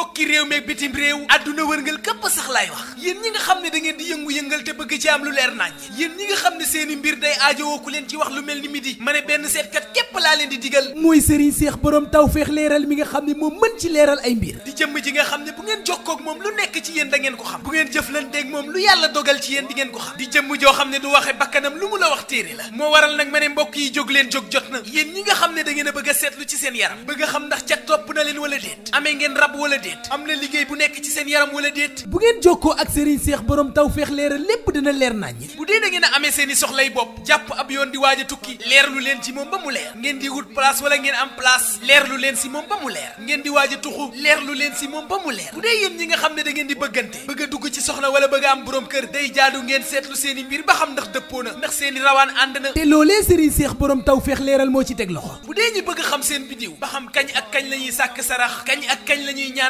mbokki réew meeg bitim réew adduna wërngal képp sax laay wax yéen ñi nga xam ne da ngeen di yëngu-yëngal te bëgg ci am lu leer nañ yéen ñi nga xam ne seeni mbir day aajowoo ku leen ci wax lu mel ni midi ma ne benn seetkat képp laa leen di digal mooy sëriñ seex borom tawfeex leeral mi nga xam ne moom mën ci leeral ay mbir di jëmm ji nga xam ne bu ngeen jokkoo ak moom lu nekk ci yéen da ngeen ko xam bu ngeen jëflanteeg moom lu yàlla dogal ci yéen di ngeen ko xam di jëmm joo xam ne du waxe bakkanam lu mu la wax téere la moo ma ne yi jóg leen jóg jot na yéen ñi nga xam ne da ngeen a bëgg a seetlu ci seen yaram bëgg a xam ndax topp na leen wala déet amee ngeen déet am na liggéey bu nekk ci seen yaram wala déet bu ngeen jokkoo ak Serigne Cheikh borom tawfeex leeral lépp dina leer naññ bu dee da ngeen a amee seen i soxlay bopp jàpp ab yoon di waaj a tukki leer lu leen ci moom ba mu leer ngeen di wut place wala ngeen am place leer lu leen si moom ba mu leer ngeen di waaj a tuxu leer lu leen si moom ba mu leer bu dee yéen ñi nga xam ne da di bëggante bëgg a dugg ci soxna wala bëgg a am borom kër day jaadu ngeen seen i mbir ba xam ndax dëppoo na na te loolee Serigne Cheikh borom tawfeex leeral moo ci teg loxo bu dee ñi bëgg xam seen bidiw ba xam kañ ak kañ la ñuy sàkk sarax ak kañ la ñuy ñaan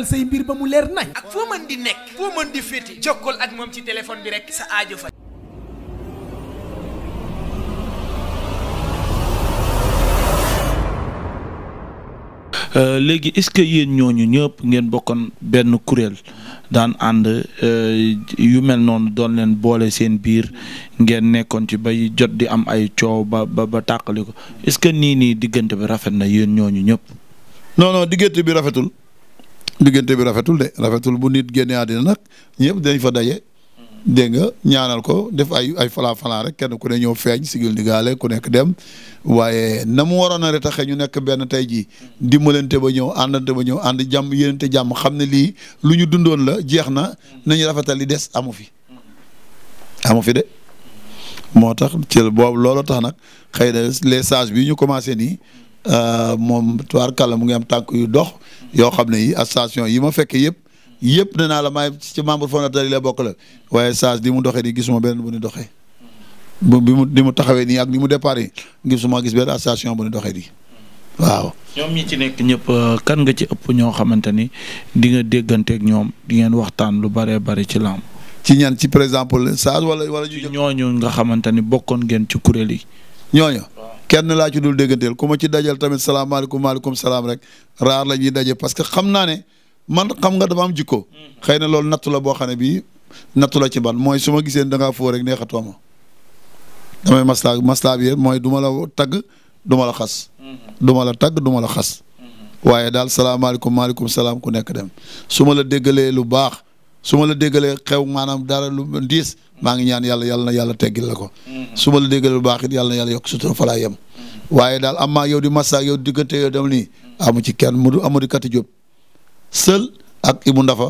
leeral say mbir mu leer nañ. ak foo mën nekk. foo mën di féete. ak moom ci téléphone bi rek sa aajo fa. Euh, léegi est-ce que yéen ñooñu ñëpp ngeen bokkoon benn kuréel daan ànd euh, yu mel noonu doon leen boole seen biir ngeen nekkoon ci bay jot di am ay coow ba ba ba tàqali ko est-ce que nii nii diggante bi rafet na yéen ñooñu ñëpp. non diggante bi rafetul diggante bi rafetul de rafetul bu nit génnee àddina nag ñëpp dañ fa daje. dégg nga ñaanal ko def ay ay falaa falaa rek kenn ku ne ñëw feeñ sigil ndigaale ku nekk dem waaye na mu waroon a retaxe ñu nekk benn tey jii dimbalante ba ñëw àndante ba ñëw ànd jàmm yénente jàmm xam ne lii lu ñu dundoon la jeex na nañu rafetal li des amu fi amu fi de moo tax ci boobu loolu tax nag xëy na les sages bi ñu commencé nii Euh, moom tubaarkàlla mu ngi am tànk yu dox yoo xam ne yi ak yi ma fekkee yëpp yëpp danaa la maay ci membre fondateur yi la bokk la waaye saas di mu doxee nii gisuma benn bu nu doxee bu bi mu ni mu taxawee nii ak ni mu départ yi suma gis benn station bu ñu doxee nii waaw. ñoom ñi ci nekk ñëpp euh, kan nga ci ëpp ñoo xamante ni di nga dégganteeg ñoom di ngeen waxtaan lu baree bari ci làmb. ci ñan ci par exemple saas wala wala. ci ñooñu nga xamante ni bokkoon ngeen ci kuréel yi. ñooñu. kenn laa ci dul dégganteel ku ma ci dajal tamit salaamaaleykum maaleykum salaam rek raar la daje parce que xam naa ne man xam nga dafa am jikko. Mm-hmm. xëy na loolu nattu la boo xam ne bii nattu la ci ban mooy su ma gisee da ngaa foo rek neexatoo ma damay maslaa maslaa bi mooy du la tagg duma la xas. Mm-hmm. duma la tagg duma la xas. Mm-hmm. waaye daal salaamaaleykum maaleykum salaam ku nekk dem su ma la déggalee lu baax. su ma la déggalee xew maanaam dara lu diis maa ngi ñaan yàlla yàlla na yàlla teggil ko su ma la déggalee lu baax it yàlla yàlla yokk sutura fa laa yem waaye daal am maa yow di massa yow diggante yow dem nii amu ci kenn mu amadi kati jóob sël ak mu Ndafa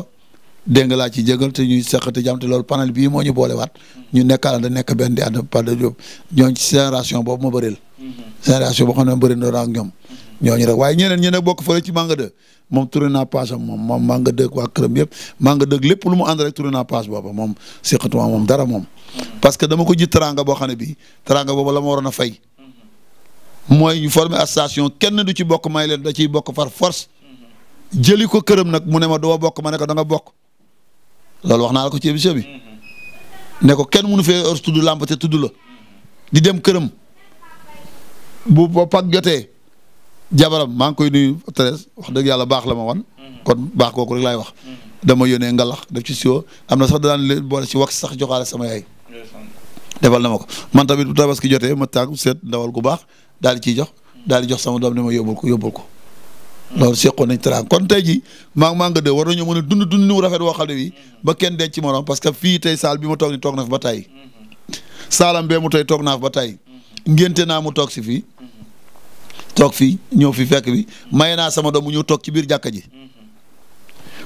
dégg nga laa ci jégal te ñuy seq te jàmm loolu panel bii moo ñu boolewaat ñu nekkaal da nekk benn di ànd par de jóob ñooñ ci génération boobu ma bëril génération boo xam ne bëri na ak ñoom ñooñu rek waaye ñeneen ñeneen bokk fële ci Manga 2 moom tourné naa paas am moom moom Manga 2 waa këram yëpp Manga 2 lépp lu mu ànd rek tourné naa paas booba moom seqatuma moom dara moom. parce que dama ko ji teraanga boo xam ne bii teraanga booba la ma waroon a mooy ñu formé association kenn du ci bokk may leen da ciy bokk far force. jëli ko këram nag mu ne ma doo bokk ma ne ko danga bokk loolu wax naa la ko ci émission bi. ne ko kenn mënu fee heure tudd làmb te tudd la. di dem këram. bu ba jotee. jabaram maa ngi koy nuyu Thérèse wax dëgg yàlla baax la ma wan. kon baax kooku rek laay wax. dama yónnee ngalax def ci siwo am na sax daan leen boole ci wax sax joxaale sama yaay. defal na ma ko man tamit bu tabaski jotee ma tàgg seet ndawal gu baax daal di ciy jox. daal di jox sama doom ne ma yóbbul ko yóbbul ko. loolu seqoon nañ teraanga kon tey ji maa maa nga de war nañoo mën a dund dund nu rafet woo xam ne ba kenn denc ci morom parce que fii tey saal bi ma toog ni toog na fi ba tey. saalam bee mu tey toog naa ba tey. ngénte naa mu toog si toog fii ñëw fi fekk bi maye naa sama doom mu ñëw toog ci biir jàkka ji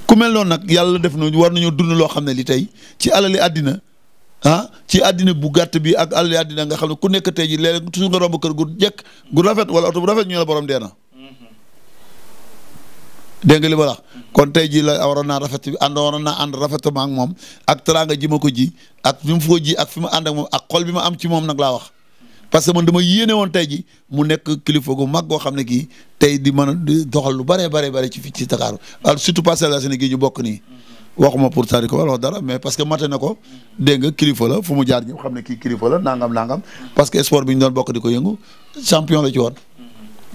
ku mel noonu nag yàlla def na war nañoo dund loo xam ne li tey ci alali àddina ah ci àddina bu gàtt bi ak alali àddina nga xam ne ku nekk tey ji léeg-léeg toujours nga romb kër gu jekk gu rafet wala oto bu rafet ñu la borom dee na dégg li ma kon tey jii la waroon naa rafet bi ànd waroon naa ànd rafetuma ak moom ak teraanga ji ma ko ji ak fi mu foo ji ak fi mu ànd ak moom ak xol bi ma am ci moom nag laa wax parce que man dama yéene woon tey ji mu nekk kilifa gu mag goo xam ne kii tey di mën a di doxal lu bare bare bare ci fii ci Dakar surtout Parcelles Assainies gi ñu bokk nii. waxuma pour tari ko wala dara mais parce que mate na ko dégg nga kilifa la fu mu jaar ñëpp xam ne kii kilifa la nangam nangam parce que sport bi ñu doon bokk di ko yëngu champion la ci woon.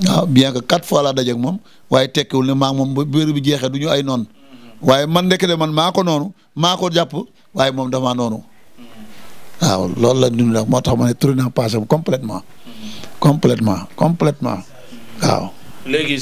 waaw bien que quatre fois laa dajeeg moom waaye tekkiwul ne maa moom ba béer bi jeexee du ñu ay noonu. waaye man ndekete man maa ko noonu maa jàpp waaye moom damaa noonu. waaw loolu la dund nag moo tax ma ne tourné naa passé complètement mm-hmm. complètement complètement waaw léegi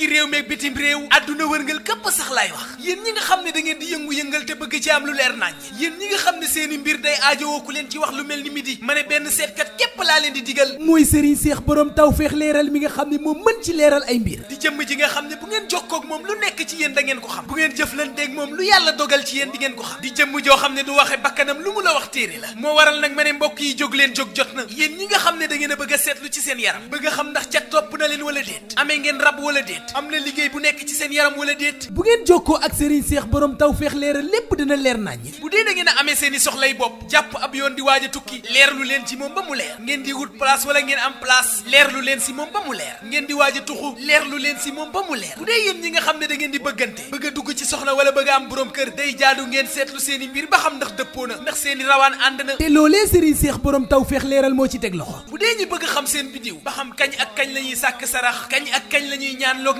ci réew meeg bitim réew adduna wërngal képp sax laay wax yéen ñi nga xam ne da ngeen di yëngu-yëngal te bëgg ci am lu leer nañ yéen ñi nga xam ne seeni mbir day aajowoo ku leen ci wax lu mel ni midi ma ne benn seetkat képp laa leen di digal mooy sëriñ seex borom tawfeex leeral mi nga xam ne moom mën ci leeral ay mbir di jëm ji nga xam ne bu ngeen jokkoog moom lu nekk ci yéen dangeen ko xam bu ngeen jëflanteeg moom lu yàlla dogal ci yéen di ngeen ko xam di jëmm joo xam ne du waxe la wax téere moo waral nag ma ne mbokk yi jóg leen jóg jot na yéen ñi nga xam ne da ngeen a bëgg seen yaram bëgg xam ndax ca topp na leen wala déet amee ngeen rab wala déet am na liggéey bu nekk ci seen yaram wala déet bu ngeen jokkoo ak Serigne Seex borom taw feex leeral lépp dina leer naññ bu dee da ngeen a amee seen i soxlay bopp jàpp ab yoon di a tukki leerlu leen ci moom ba mu leer ngeen di wut place wala ngeen am place leerlu leen si moom ba mu leer ngeen di waaj a tuxu leerlu leen si moom ba mu leer bu dee nga xam ne da di bëggante bëgg dugg ci soxna bëgg am borom kër day jaadu ngeen seen i mbir ba xam ndax dëppoo na ndax seen i rawaan ànd na te loolee Serigne Seex taw feex leeral moo ci teg loxo bu dee ñu bëgg xam seen bidiw ba xam kañ ak kañ la ñuy sàkk sarax kañ ak kañ la ñuy ñaan loog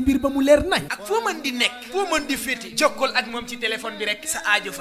mbir ba mu leer nañ. ak foo mën di nekk. foo man di féete. jokkool ak moom ci téléphone bi rek sa aajo fa.